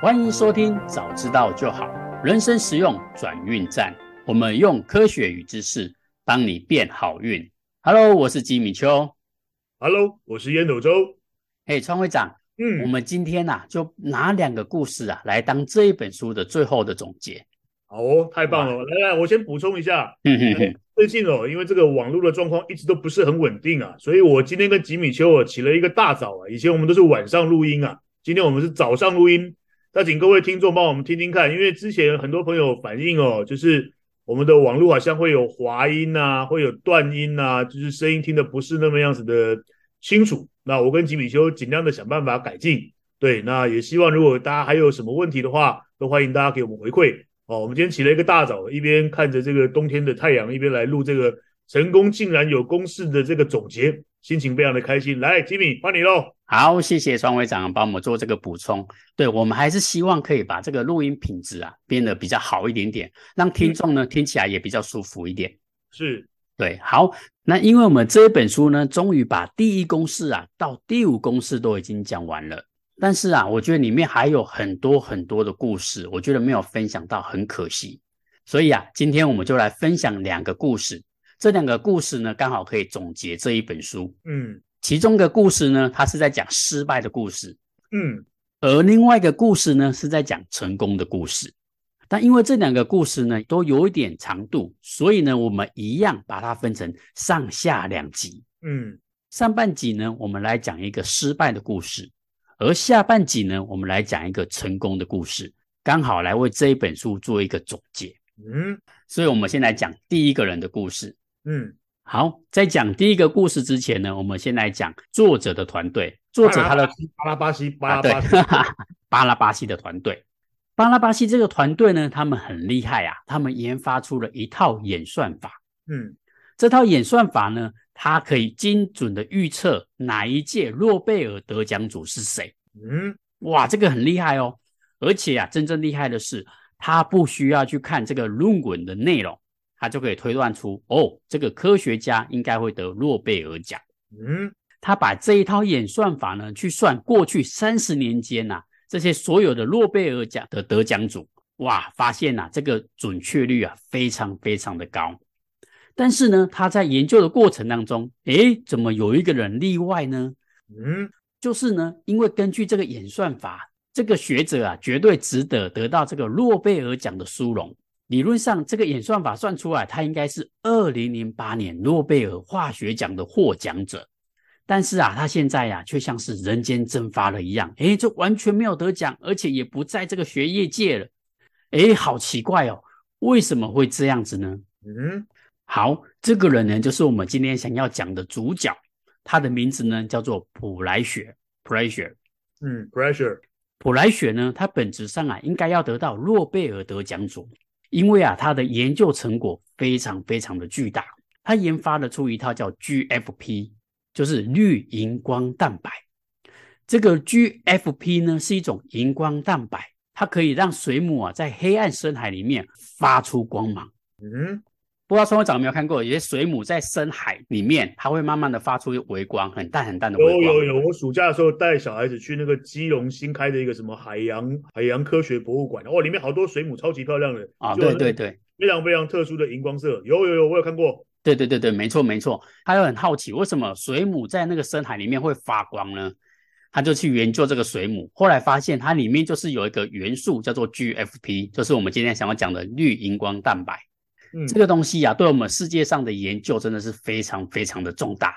歡迎收聽《早知道就好》，人生實用轉運站。我們用科學與知識幫你變好運。Hello，我是吉米邱。Hello，我是煙斗周。哎，川會長，嗯，我們今天吶，啊，就拿兩個故事啊，來當這一本書的最後的總結。好哦，太棒了！來來，我先補充一下。嗯嗯嗯，最近哦，因為這個網絡的狀況一直都不是很穩定啊，所以我今天跟吉米邱啊起了一個大早啊。以前我們都是晚上錄音啊，今天我們是早上錄音。那請各位聽眾幫我們聽聽看，因為之前很多朋友反映哦，就是我們的網絡好像會有滑音啊，會有斷音啊，就是聲音聽得不是那麼樣子的清楚。那我跟吉米邱儘量的想辦法改進，對，那也希望如果大家還有什麼問題的話，都歡迎大家給我們回饋。哦，我們今天起了一個大早，一邊看着這個冬天的太陽，一邊來錄這個。成功竟然有公式的這個總結，心情非常的開心。來，Jimmy 換你嘍。好，謝謝周會長幫我們做這個補充。對，我們還是希望可以把這個錄音品質啊變得比較好一點點，讓聽眾呢是聽起來也比較舒服一點。是，對，好。那因為我們這本書呢，終於把第一公式啊到第五公式都已經講完了，但是啊，我覺得裡面還有很多很多的故事，我覺得沒有分享到，很可惜。所以啊，今天我們就來分享兩個故事。這兩個故事呢，剛好可以總結這一本書。嗯，其中一個故事呢，它是在講失敗的故事。嗯，而另外一個故事呢，是在講成功的故事。但因為這兩個故事呢，都有一點長度，所以呢，我們一樣把它分成上下兩集。嗯，上半集呢，我們來講一個失敗的故事，而下半集呢，我們來講一個成功的故事，剛好來為這一本書做一個總結。嗯，所以我們先來講第一個人的故事。嗯，好，在講第一個故事之前呢，我們先來講作者的團隊。作者他的巴拉巴西，巴拉巴西的團隊，巴拉巴西這個團隊呢，他們很厲害啊，他們研發出了一套演算法。嗯，這套演算法呢，它可以精準的預測哪一屆諾貝爾得獎主是誰。嗯，哇，這個很厲害哦。而且啊，真正厲害的是，他不需要去看這個論文的內容。他就可以推斷出，哦，這個科學家應該會得諾貝爾獎。嗯，他把這一套演算法呢，去算過去三十年間吶、啊，這些所有的諾貝爾獎的得獎主，哇，發現啊，這個準確率啊，非常非常的高。但是呢，他在研究的過程當中，哎，怎麼有一個人例外呢？嗯，就是呢，因為根據這個演算法，這個學者啊，絕對值得得到這個諾貝爾獎的殊榮。理論上，這個演算法算出來，他應該是二零零八年諾貝爾化學獎的獲獎者。但是啊，他現在呀，啊，卻像是人間蒸發了一樣，誒、欸、這完全沒有得獎，而且也不在這個學業界了，誒、欸、好奇怪哦，為什麼會這樣子呢？嗯、mm，hmm. 好，這個人呢，就是我們今天想要講的主角，他的名字呢，叫做普萊雪、mm, （Pressure）。嗯，Pressure。普萊雪呢，他本質上啊，應該要得到諾貝爾得獎主。因為啊，他的研究成果非常非常的巨大，他研發了出一套叫 GFP，就是綠熒光蛋白。這個 GFP 呢，是一種熒光蛋白，它可以讓水母啊在黑暗深海裡面發出光芒。嗯。不知道小朋友有沒有看過，有些水母在深海裡面，它會慢慢的發出一個微光，很淡很淡的光。有有有，我暑假的時候帶小孩子去那個基隆新開的一個什麼海洋海洋科學博物館，哦，裡面好多水母，超級漂亮的啊！對對對，非常非常特殊的熒光色。有有有，我有看過。對對對對，沒錯沒錯。他又很好奇，為什麼水母在那個深海裡面會發光呢？他就去研究這個水母，後來發現它裡面就是有一個元素叫做 GFP，就是我們今天想要講的綠熒光蛋白。嗯，這個東西啊，對我們世界上的研究真的是非常非常的重大。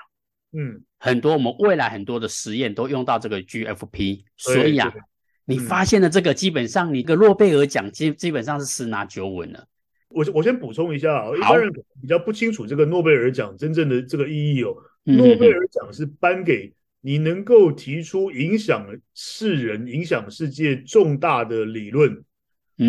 嗯，很多我們未來很多的實驗都用到這個 GFP，、嗯、所以啊，對對對你發現了這個，基本上、嗯、你個諾貝爾獎基基本上是十拿九穩了。我我先補充一下、哦，好，一般人比較不清楚這個諾貝爾獎真正的這個意義哦。諾貝爾獎是頒給你能夠提出影響世人、影響世界重大的理論。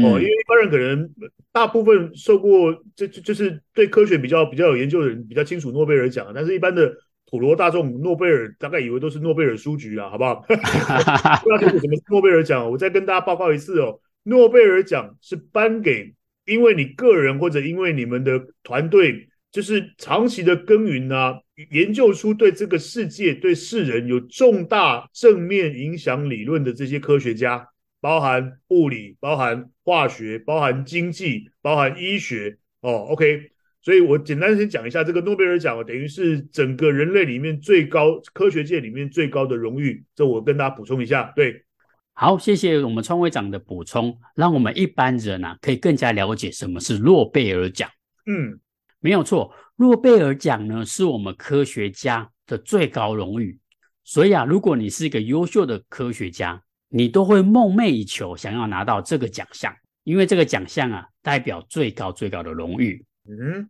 哦，因為一般人可能大部分受過，就就就是對科學比較比較有研究的人比較清楚諾貝爾獎，但是一般的普羅大眾，諾貝爾大概以為都是諾貝爾書局啊，好不好？ 不知道這是什麼諾貝爾獎，我再跟大家報告一次哦，諾貝爾獎是頒給因為你個人或者因為你們的團隊，就是長期的耕耘啊，研究出對這個世界，對世人有重大正面影響理論的這些科學家。包含物理、包含化學、包含經濟、包含醫學哦，OK。所以我簡單先講一下這個諾貝爾獎等於是整個人類裡面最高科學界裡面最高的榮譽。這我跟大家補充一下，對。好，謝謝我們創會長的補充，讓我們一般人啊可以更加了解什麼是諾貝爾獎。嗯，沒有錯，諾貝爾獎呢是我們科學家的最高榮譽。所以啊，如果你是一個優秀的科學家。你都會夢寐以求想要拿到這個獎項，因為這個獎項啊，代表最高最高的榮譽。嗯，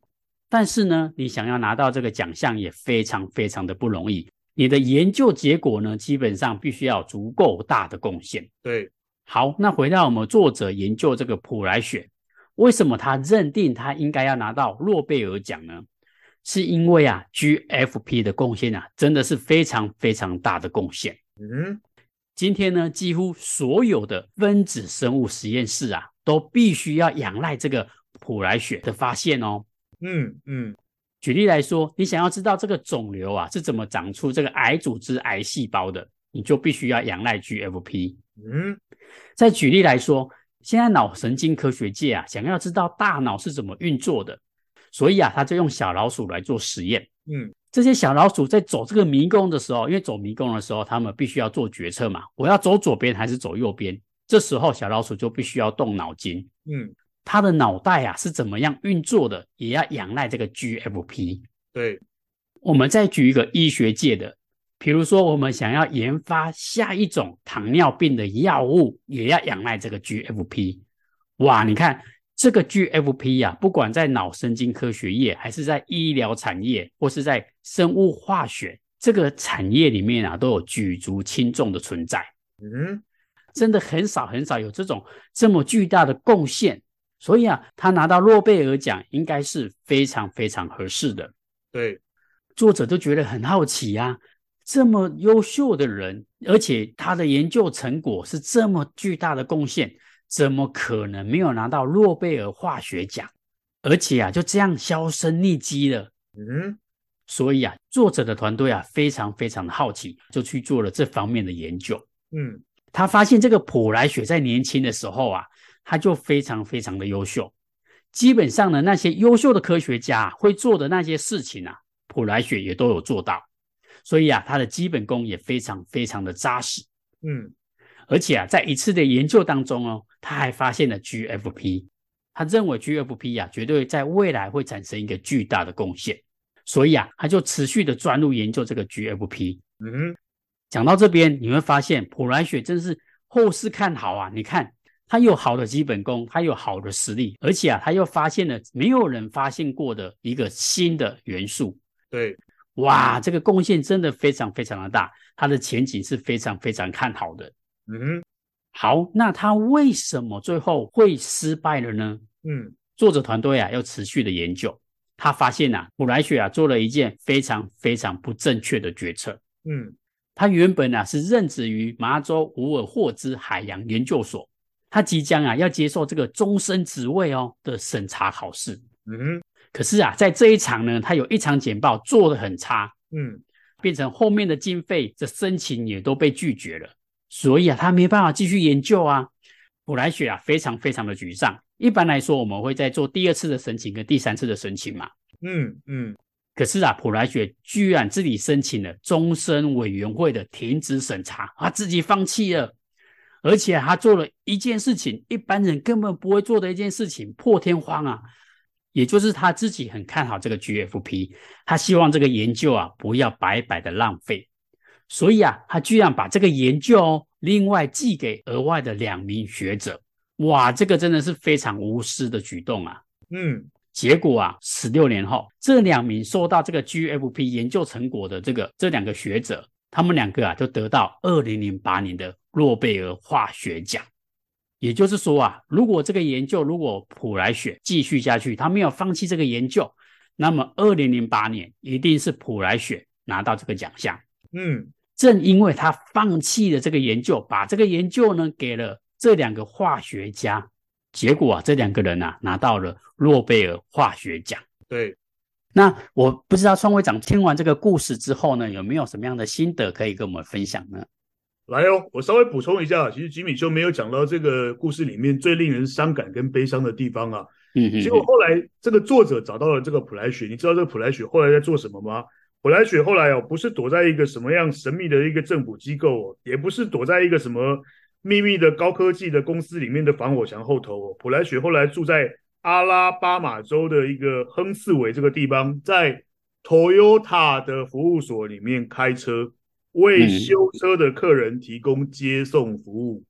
但是呢，你想要拿到這個獎項也非常非常的不容易。你的研究結果呢，基本上必須要有足夠大的貢獻。對，好，那回到我們作者研究這個普萊雪，為什麼他認定他應該要拿到諾貝爾獎呢？是因為啊，GFP 的貢獻啊，真的是非常非常大的貢獻。嗯。今天呢，幾乎所有的分子生物實驗室啊，都必須要仰賴這個普萊雪的發現哦。嗯嗯，嗯，舉例來說，你想要知道這個腫瘤啊是怎麼長出這個癌組織癌細胞的，你就必須要仰賴 GFP。嗯，再舉例來說，現在腦神經科學界啊，想要知道大腦是怎麼運作的，所以啊，他就用小老鼠來做實驗。嗯，這些小老鼠在走這個迷宮的時候，因為走迷宮的時候，他們必須要做決策嘛，我要走左邊還是走右邊？這時候小老鼠就必須要動腦筋。嗯，它的腦袋啊是怎麼樣運作的，也要仰賴這個 GFP。對，我們再舉一個醫學界的，比如說我們想要研發下一種糖尿病的藥物，也要仰賴這個 GFP。哇，你看。這個 GFP 呀、啊，不管在腦神經科學業，還是在醫療產業，或是在生物化學這個產業裡面啊，都有舉足輕重的存在。嗯，真的很少很少有這種這麼巨大的貢獻，所以啊，他拿到諾貝爾獎應該是非常非常合適的。對，作者都覺得很好奇呀、啊，這麼優秀的人，而且他的研究成果是這麼巨大的貢獻。怎麼可能沒有拿到諾貝爾化學獎，而且啊，就這樣銷聲匿跡了？嗯，所以啊，作者的團隊啊，非常非常的好奇，就去做了這方面的研究。嗯，他發現這個普萊雪在年輕的時候啊，他就非常非常的優秀，基本上呢，那些優秀的科學家啊會做的那些事情啊，普萊雪也都有做到，所以啊，他的基本功也非常非常的扎實。嗯，而且啊，在一次的研究當中哦。他還發現了 GFP，他認為 GFP 呀、啊，絕對在未來會產生一個巨大的貢獻，所以啊，他就持續的專注研究這個 GFP。嗯哼，講到這邊，你會發現普萊雪真的是後市看好啊！你看，他有好的基本功，他有好的實力，而且啊，他又發現了沒有人發現過的一個新的元素。對，哇，這個貢獻真的非常非常的大，他的前景是非常非常看好的。嗯哼。好，那他為什麼最後會失敗了呢？嗯，作者團隊啊，要持續的研究，他發現啊，普萊雪啊做了一件非常非常不正確的決策。嗯，他原本啊是任職於麻州伍爾霍茲海洋研究所，他即將啊要接受這個終身職位哦的審查考試。嗯，可是啊，在這一場呢，他有一場簡報做得很差。嗯，變成後面的經費這申請也都被拒絕了。所以啊，他沒辦法繼續研究啊。普萊雪啊，非常非常的沮喪。一般來說，我們會再做第二次的申請跟第三次的申請嘛。嗯嗯。嗯，可是啊，普萊雪居然自己申請了終身委員會的停職審查啊，他自己放棄了。而且啊，他做了一件事情，一般人根本不會做的一件事情，破天荒啊，也就是他自己很看好這個 GFP，他希望這個研究啊不要白白的浪費。所以啊，他居然把這個研究另外寄給額外的兩名學者，哇，這個真的是非常無私的舉動啊！嗯，結果啊，十六年後，這兩名受到這個 GFP 研究成果的這個這兩個學者，他們兩個啊，就得到二零零八年的諾貝爾化學獎。也就是說啊，如果這個研究如果普萊雪繼續下去，他沒有放棄這個研究，那麼二零零八年一定是普萊雪拿到這個獎項。嗯。正因為他放棄了這個研究，把這個研究呢給了這兩個化學家，結果啊，這兩個人呢、啊、拿到了諾貝爾化學獎。對，那我不知道雙會長聽完這個故事之後呢，有沒有什麼樣的心得可以跟我們分享呢？來哦，我稍微補充一下，其實吉米邱沒有講到這個故事裡面最令人傷感跟悲傷的地方啊。嗯哼哼。結果後來這個作者找到了這個普萊雪，你知道這個普萊雪後來在做什麼嗎？普萊雪後來哦，不是躲在一個什麼樣神秘的一個政府機構哦，也不是躲在一個什麼秘密的高科技的公司裡面的防火牆後頭哦。普萊雪後來住在阿拉巴馬州的一個亨茨維這個地方，在 Toyota 的服務所裡面開車，為修車的客人提供接送服務。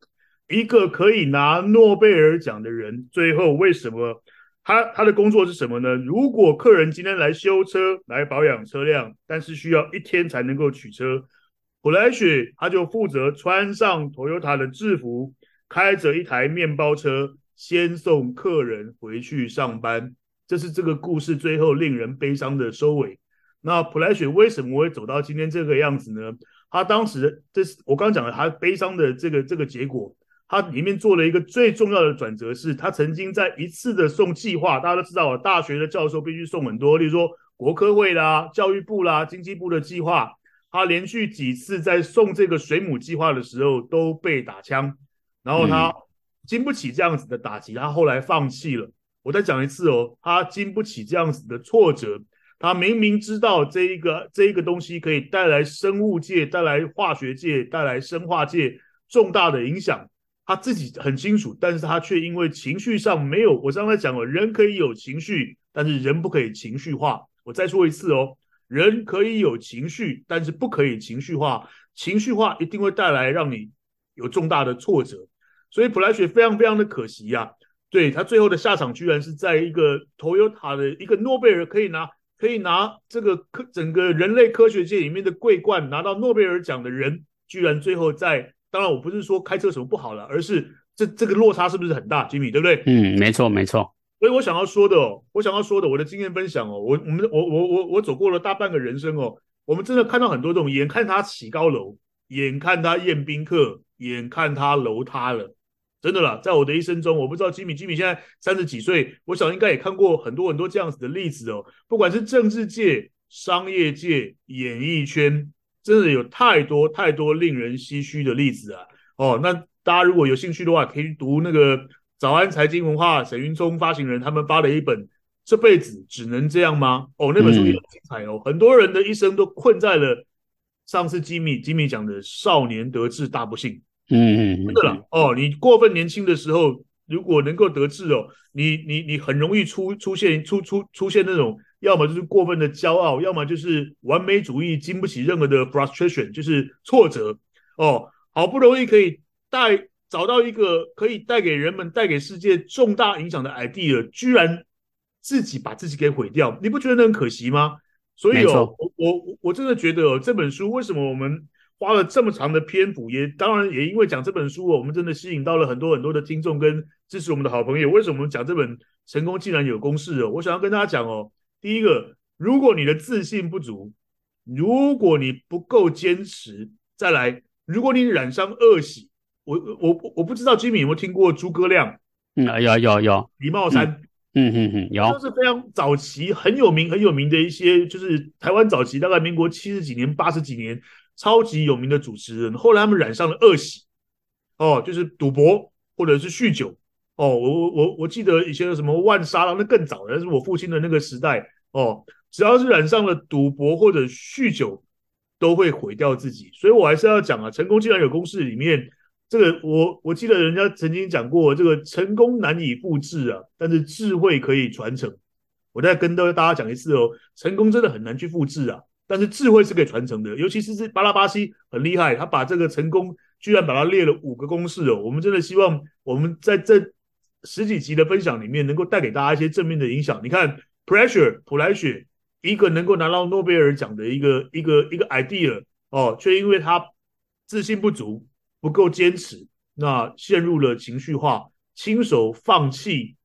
嗯、一個可以拿諾貝爾獎的人，最後為什麼？他他的工作是什麼呢？如果客人今天來修車，來保養車輛，但是需要一天才能夠取車，普萊雪他就負責穿上 Toyota 的制服，開着一台麵包車，先送客人回去上班。這是這個故事最後令人悲傷的收尾。那普萊雪為什麼會走到今天這個樣子呢？他當時這是我剛剛講的他悲傷的這個這個結果。他裡面做了一個最重要的轉折，是他曾經在一次的送計劃，大家都知道，大學的教授必須送很多，例如說國科會啦、教育部啦、經濟部的計劃。他連續幾次在送這個水母計劃的時候都被打槍，然後他經不起這樣子的打擊，他後來放棄了。我再講一次哦，他經不起這樣子的挫折。他明明知道這一個這一個東西可以帶來生物界、帶來化學界、帶來生化界重大的影響。他自己很清楚，但是他卻因為情緒上沒有，我剛才講了，人可以有情緒，但是人不可以情緒化。我再說一次哦，人可以有情緒，但是不可以情緒化。情緒化一定會帶來讓你有重大的挫折。所以普萊雪非常非常的可惜呀，啊，對，他最後的下場居然是在一個 Toyota 的一個諾貝爾可以拿可以拿這個科，整個人類科學界裡面的桂冠拿到諾貝爾獎的人，居然最後在。當然，我不是說開車什麼不好了啊，而是這這個落差，是不是很大，吉米，對不對？嗯，沒錯，沒錯。所以我想要說的哦，我想要說的，我的經驗分享哦，我我們我我我我走過了大半個人生哦，我們真的看到很多這種，眼看他起高樓，眼看他宴賓客，眼看他樓塌了，真的啦，在我的一生中，我不知道吉米，吉米現在三十幾歲，我想應該也看過很多很多這樣子的例子哦，不管是政治界、商業界、演藝圈。真的有太多太多令人唏噓的例子啊！哦，那大家如果有興趣的話，可以讀那個《早安財經文化》沈雲驄發行人他們發了一本《這輩子只能這樣嗎》？哦，那本書也很精彩哦。嗯、很多人的一生都困在了上次吉米吉米講的“少年得志大不幸”。嗯嗯嗯，對了哦，你過分年輕的時候，如果能夠得志哦，你你你很容易出出現出出出現那種。要麼就是過分的驕傲，要麼就是完美主義，經不起任何的 frustration，就是挫折。哦，好不容易可以帶找到一個可以帶給人們、帶給世界重大影響的 idea，居然自己把自己給毀掉，你不覺得那很可惜嗎？所以哦，沒錯。我我真的覺得哦，這本書為什麼我們花了這麼長的篇幅也，也當然也因為講這本書哦，我們真的吸引到了很多很多的聽眾跟支持我們的好朋友。為什麼我們講這本《成功竟然有公式》哦？我想要跟大家講哦。第一個，如果你的自信不足，如果你不夠堅持，再來，如果你染上惡習，我我我不知道 Jimmy 有沒有聽過諸葛亮啊、嗯？有有有，有李茂山，嗯嗯嗯，嗯，嗯，有，都是非常早期很有名很有名的一些，就是台灣早期大概民國七十幾年八十幾年超級有名的主持人，後來他們染上了惡習，哦，就是賭博或者是酗酒，哦，我我我記得以前有什麼萬沙浪，那更早的是我父親的那個時代。哦，只要是染上了賭博或者酗酒，都會毀掉自己。所以我還是要講啊，成功竟然有公式裡面，這個我我記得人家曾經講過，這個成功難以複製啊，但是智慧可以傳承。我再跟大家講一次哦，成功真的很難去複製啊，但是智慧是可以傳承的。尤其是巴拉巴西很厲害，他把這個成功居然把它列了五個公式哦。我們真的希望我們在這十幾集的分享裡面，能夠帶給大家一些正面的影響。你看。p r 普萊雪，Pressure, pressure, 一個能夠拿到諾貝爾獎的一個一個一個 idea 哦，卻因為他自信不足、不夠堅持，那陷入了情緒化，親手放棄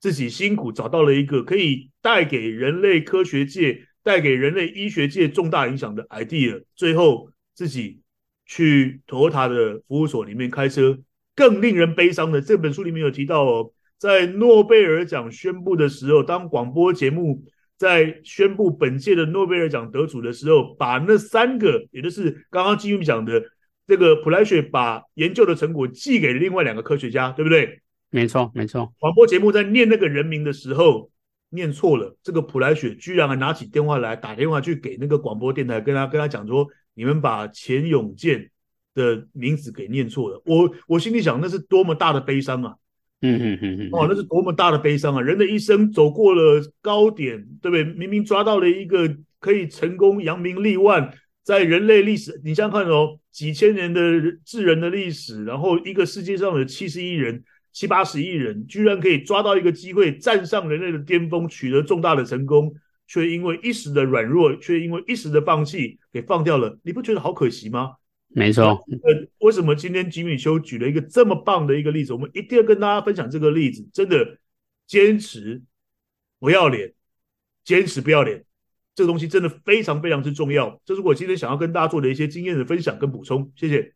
自己辛苦找到了一個可以帶給人類科學界、帶給人類醫學界重大影響的 idea，最後自己去 Toyota 的服務所裡面開車。更令人悲傷的，這本書裡面有提到哦。在諾貝爾獎宣布的時候，當廣播節目在宣布本屆的諾貝爾獎得主的時候，把那三個，也就是剛剛吉米講的這個普萊雪，把研究的成果寄給了另外兩個科學家，對不對？沒錯，沒錯。廣播節目在念那個人名的時候念錯了，這個普萊雪居然還拿起電話來打電話去給那個廣播電台，跟他跟他講說，你們把錢永健的名字給念錯了。我我心裡想，那是多麼大的悲傷啊！嗯嗯嗯嗯， 哦，那是多麼大的悲傷啊！人的一生走過了高點，對不對？明明抓到了一個可以成功、揚名立萬，在人類歷史，你想想看哦，幾千年的智人的歷史，然後一個世界上的七十億人、七八十億人，居然可以抓到一個機會，站上人類的巔峰，取得重大的成功，卻因為一時的軟弱，卻因為一時的放棄，給放掉了。你不覺得好可惜嗎？沒錯，呃，為什麼今天吉米邱舉，舉了一個這麼棒的一個例子？我們一定要跟大家分享這個例子。真的，堅持不要臉，堅持不要臉，這個東西真的非常非常之重要。這是我今天想要跟大家做的一些經驗的分享跟補充。謝謝。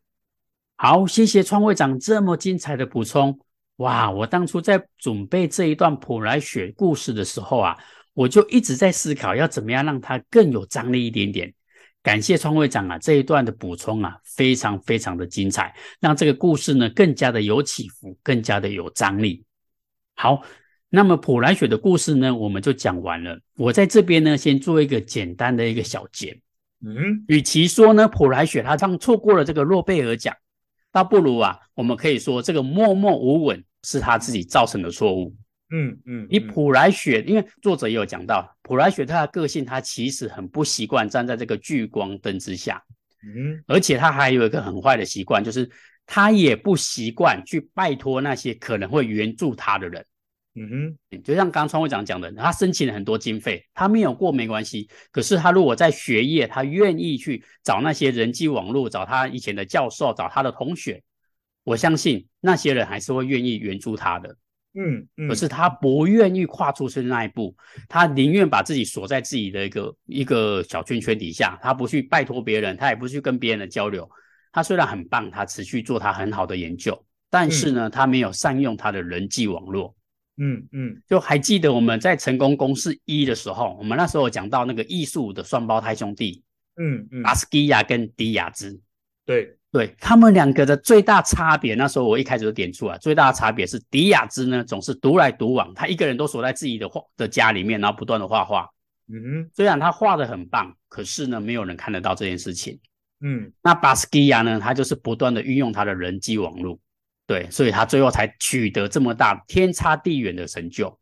好，謝謝創會長這麼精彩的補充。哇，我當初在準備這一段普萊雪故事的時候啊，我就一直在思考要怎麼樣讓它更有張力一點點。感謝創會長啊，這一段的補充啊，非常非常的精彩，讓這個故事呢更加的有起伏，更加的有張力。好，那麼普萊雪的故事呢，我們就講完了。我在這邊呢，先做一個簡單的一個小結。嗯，與其說呢普萊雪他當錯過了這個諾貝爾獎，倒不如啊，我們可以說這個默默無聞是他自己造成的錯誤。嗯嗯，你、嗯嗯、普萊雪，因為作者也有講到。普萊雪他的個性，他其實很不習慣站在這個聚光燈之下，嗯，而且他還有一個很壞的習慣，就是他也不習慣去拜托那些可能會援助他的人，嗯哼，就像剛剛創會長講的，他申請了很多經費，他沒有過沒關係，可是他如果在學業，他願意去找那些人際網絡，找他以前的教授，找他的同學，我相信那些人還是會願意援助他的。嗯，嗯，可是他不願意跨出去那一步，他寧願把自己鎖在自己的一個一個小圈圈底下，他不去拜托別人，他也不去跟別人的交流。他雖然很棒，他持續做他很好的研究，但是呢，嗯、他沒有善用他的人際網絡。嗯嗯，嗯，就還記得我們在成功公式一的時候，我們那時候有講到那個藝術的雙胞胎兄弟，嗯嗯，阿斯基亞跟迪亞茲。對。對他們兩個的最大差別，那時候我一開始就點出來，最大的差別是迪亞茲呢總是獨來獨往，他一個人都鎖在自己的畫的家裡面，然後不斷的畫畫。嗯哼，雖然他畫得很棒，可是呢沒有人看得到這件事情。嗯，那巴斯圭亞呢，他就是不斷的運用他的人際網絡，對，所以他最後才取得這麼大天差地遠的成就。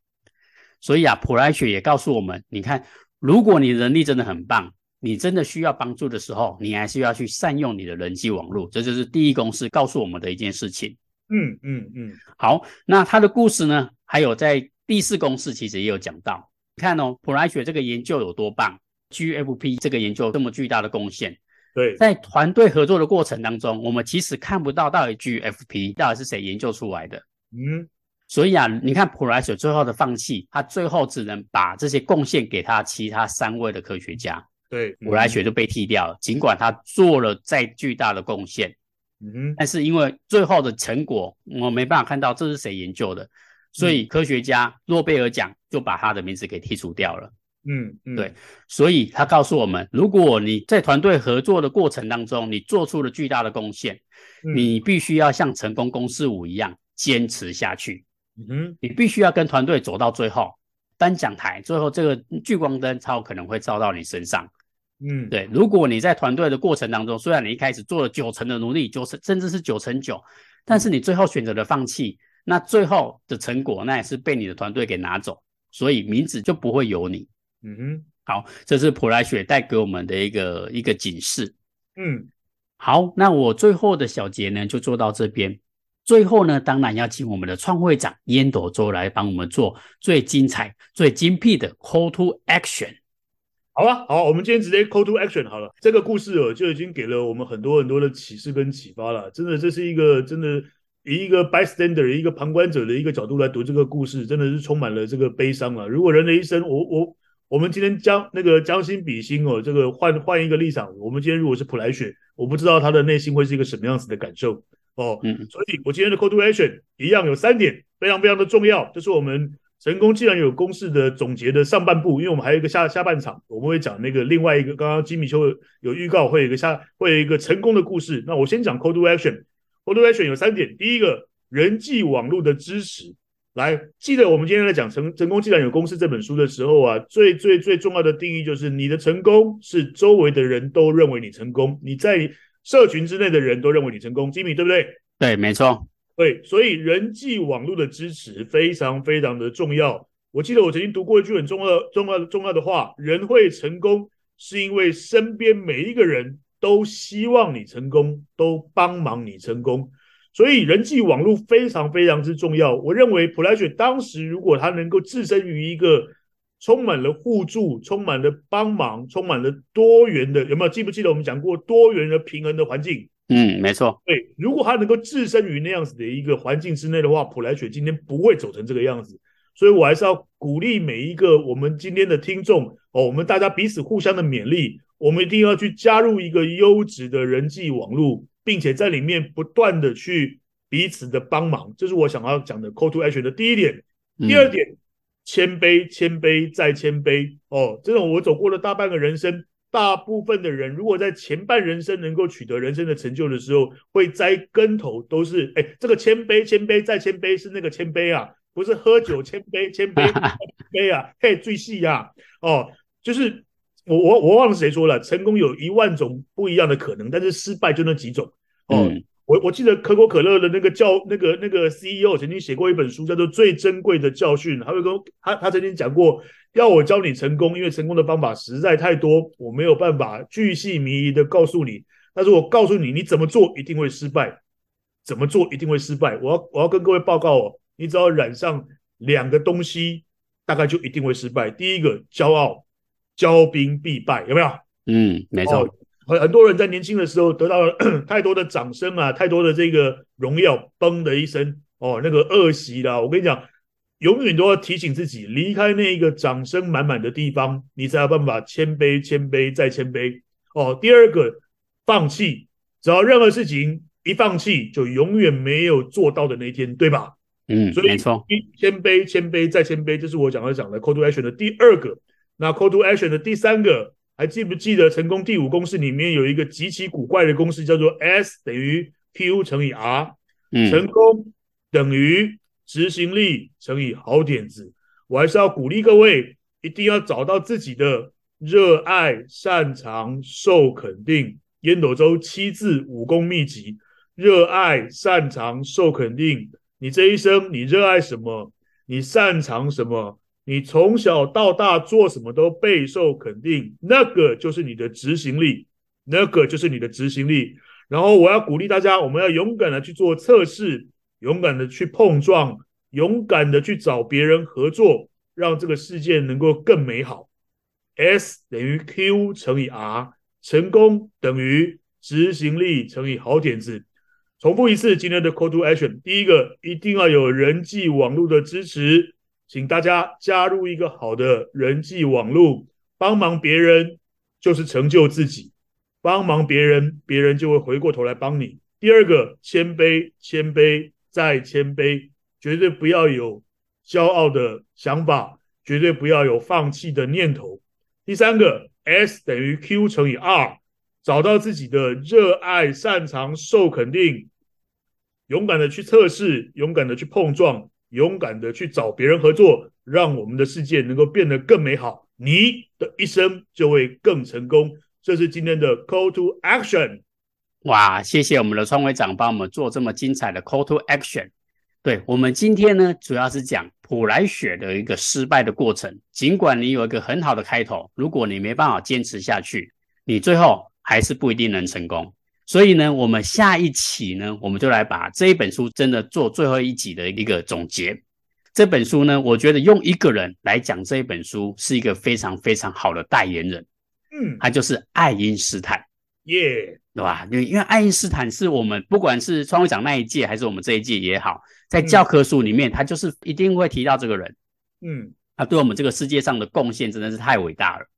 所以啊，普萊雪也告訴我們，你看，如果你能力真的很棒。你真的需要幫助的時候，你還是要去善用你的人際網絡，這就是第一公式告訴我們的一件事情。嗯嗯嗯。嗯嗯好，那他的故事呢？還有在第四公式其實也有講到，你看哦，普萊雪這個研究有多棒，GFP 這個研究這麼巨大的貢獻。對，在團隊合作的過程當中，我們其實看不到到底 GFP 到底是誰研究出來的。嗯。所以啊，你看普萊雪最後的放棄，他最後只能把這些貢獻給他其他三位的科學家。對，嗯、我來學就被剔掉了。儘管他做了再巨大的貢獻，嗯，但是因為最後的成果，我沒辦法看到這是誰研究的，所以科學家諾貝爾獎就把他的名字給剔除掉了。嗯，嗯，對。所以他告訴我們，如果你在團隊合作的過程當中，你做出了巨大的貢獻，嗯、你必須要像成功公式五一樣堅持下去。嗯，嗯，你必須要跟團隊走到最後，頒獎台最後這個聚光燈才有可能會照到你身上。嗯，對，如果你在團隊的過程當中，雖然你一開始做了九成的努力，九成甚至是九成九，但是你最後選擇了放棄，那最後的成果那也是被你的團隊給拿走，所以名字就不會有你。嗯哼，好，這是普萊雪帶給我們的一個一個警示。嗯，好，那我最後的小結呢，就做到這邊。最後呢，當然要請我們的創會長煙斗周來幫我們做最精彩、最精闢的 Call to Action。好吧，好，我們今天直接 call to action 好了。這個故事哦，就已經給了我們很多很多的啟示跟啟發了。真的，這是一個真的以一個 bystander，一個旁觀者的一個角度來讀這個故事，真的是充滿了這個悲傷啊。如果人的一生，我我我們今天將那個將心比心哦，這個換換一個立場，我們今天如果是普萊雪，我不知道他的內心會是一個什麼樣子的感受哦。嗯，所以，我今天的 call to action 一樣有三點，非常非常的重要，就是我們。成功竟然有公式的總結的上半部，因為我們還有一個下下半場，我們會講那個另外一個。剛剛吉米邱有預告，會有一個下，會有一個成功的故事。那我先講 Call to Action。Call to Action 有三點：第一個，人際網絡的支持。來，記得我們今天在講成成功竟然有公式這本書的時候啊，最最最重要的定義就是你的成功是周圍的人都認為你成功，你在社群之內的人都認為你成功。吉米對不對？對，沒錯。對，所以人際網絡的支持非常非常的重要。我記得我曾經讀過一句很重要、重要、重要的話：人會成功，是因為身邊每一個人都希望你成功，都幫忙你成功。所以人際網絡非常非常之重要。我認為普萊雪當時如果他能夠置身於一個充滿了互助、充滿了幫忙、充滿了多元的，有沒有記不記得我們講過多元的平衡的環境？嗯，沒錯。對，如果他能夠置身於那樣子的一個環境之內的話，普萊雪今天不會走成這個樣子。所以我還是要鼓勵每一個我們今天的聽眾哦，我們大家彼此互相的勉勵，我們一定要去加入一個優質的人際網絡，並且在裡面不斷的去彼此的幫忙，這是我想要講的 Call to Action 的第一點。嗯，第二點，謙卑，謙卑再謙卑哦，這種我走過了大半個人生。大部分的人，如果在前半人生能夠取得人生的成就的時候，會栽跟頭，都是哎、欸，這個謙卑謙卑再謙卑是那個謙卑啊，不是喝酒乾杯乾杯杯啊，嘿，醉死呀、啊！哦，就是我我我忘了誰說了，成功有一萬種不一樣的可能，但是失敗就那幾種哦。嗯我我記得可口可樂的那個教那個那個 CEO 曾經寫過一本書，叫做《最珍貴的教訓》。他會跟他他曾經講過，要我教你成功，因為成功的方法實在太多，我沒有辦法巨細靡遺的告訴你。但是我告訴你，你怎麼做一定會失敗，怎麼做一定會失敗。我要我要跟各位報告哦，你只要染上兩個東西，大概就一定會失敗。第一個，驕傲，驕兵必敗，有沒有？嗯，沒錯。很很多人在年輕的時候得到了 太多的掌聲啊，太多的這個榮耀，嘣的一聲哦，那個惡習啦！我跟你講，永遠都要提醒自己，離開那一個掌聲滿滿的地方，你才有辦法謙卑，謙卑再謙卑哦。第二個，放棄，只要任何事情一放棄，就永遠沒有做到的那一天，對吧？嗯沒，所以沒錯，謙卑，謙卑再謙卑，就是我講的講的 Call to Action 的第二個。那 Call to Action 的第三個。還記不記得成功第五公式裡面有一個極其古怪的公式，叫做 S 等於 P U 乘以 R，嗯、成功等於執行力乘以好點子。我還是要鼓勵各位，一定要找到自己的熱愛、擅長、受肯定。煙斗周七字武功秘籍：熱愛、擅長、受肯定。你這一生，你熱愛什麼？你擅長什麼？你從小到大做什麼都備受肯定，那個就是你的執行力，那個就是你的執行力。然後我要鼓勵大家，我們要勇敢的去做測試，勇敢的去碰撞，勇敢的去找別人合作，讓這個世界能夠更美好。S 等於 Q 乘以 R，成功等於執行力乘以好點子。重複一次今天的 Call to Action，第一個一定要有人際網絡的支持。請大家加入一個好的人際網絡，幫忙別人就是成就自己，幫忙別人，別人就會回過頭來幫你。第二個，謙卑，謙卑再謙卑，絕對不要有驕傲的想法，絕對不要有放棄的念頭。第三個，S 等於 Q 乘以 R，找到自己的熱愛、擅長、受肯定，勇敢的去測試，勇敢的去碰撞。勇敢的去找別人合作，讓我們的世界能夠變得更美好，你的一生就會更成功。這是今天的 Call to Action。哇，謝謝我們的創會長幫我們做這麼精彩的 Call to Action。對，我們今天呢，主要是講普萊雪的一個失敗的過程。儘管你有一個很好的開頭，如果你沒辦法堅持下去，你最後還是不一定能成功。所以呢，我們下一期呢，我們就來把這一本書真的做最後一集的一個總結。這本書呢，我覺得用一個人來講這一本書，是一個非常非常好的代言人。嗯，他就是愛因斯坦，耶，Yeah. 對吧？因為因為愛因斯坦是我們不管是創會長那一屆，還是我們這一屆也好，在教科書裡面，他、嗯、就是一定會提到這個人。嗯，他對我們這個世界上的貢獻真的是太偉大了。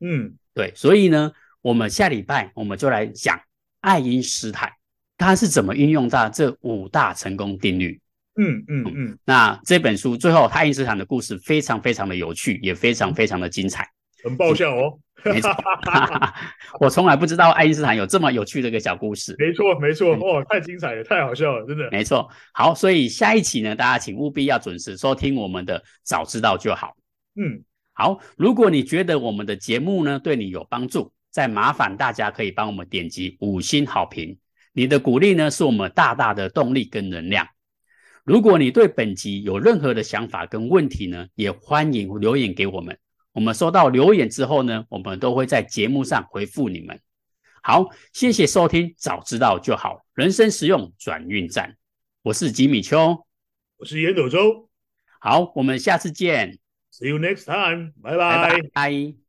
嗯，對，所以呢，我們下禮拜我們就來講。愛因斯坦他是怎麼運用到這五大成功定律？嗯嗯嗯，嗯。那這本書最後，愛因斯坦的故事非常非常的有趣，也非常非常的精彩，很爆笑哦。沒錯， 我從來不知道愛因斯坦有這麼有趣的一個小故事。沒錯沒錯，哦，太精彩了，太好笑了，真的。沒錯，好，所以下一期呢，大家請務必要準時收聽我們的《早知道就好》。嗯，好，如果你覺得我們的節目呢，對你有幫助。再麻煩大家可以幫我們點擊五星好評，你的鼓勵呢，是我們大大的動力跟能量。如果你對本集有任何的想法跟問題呢，也歡迎留言給我們。我們收到留言之後呢，我們都會在節目上回復你們。好，謝謝收聽，早知道就好，人生實用轉運站。我是吉米邱，我是煙斗周，好，我們下次見。See you next time，bye bye 拜拜，拜。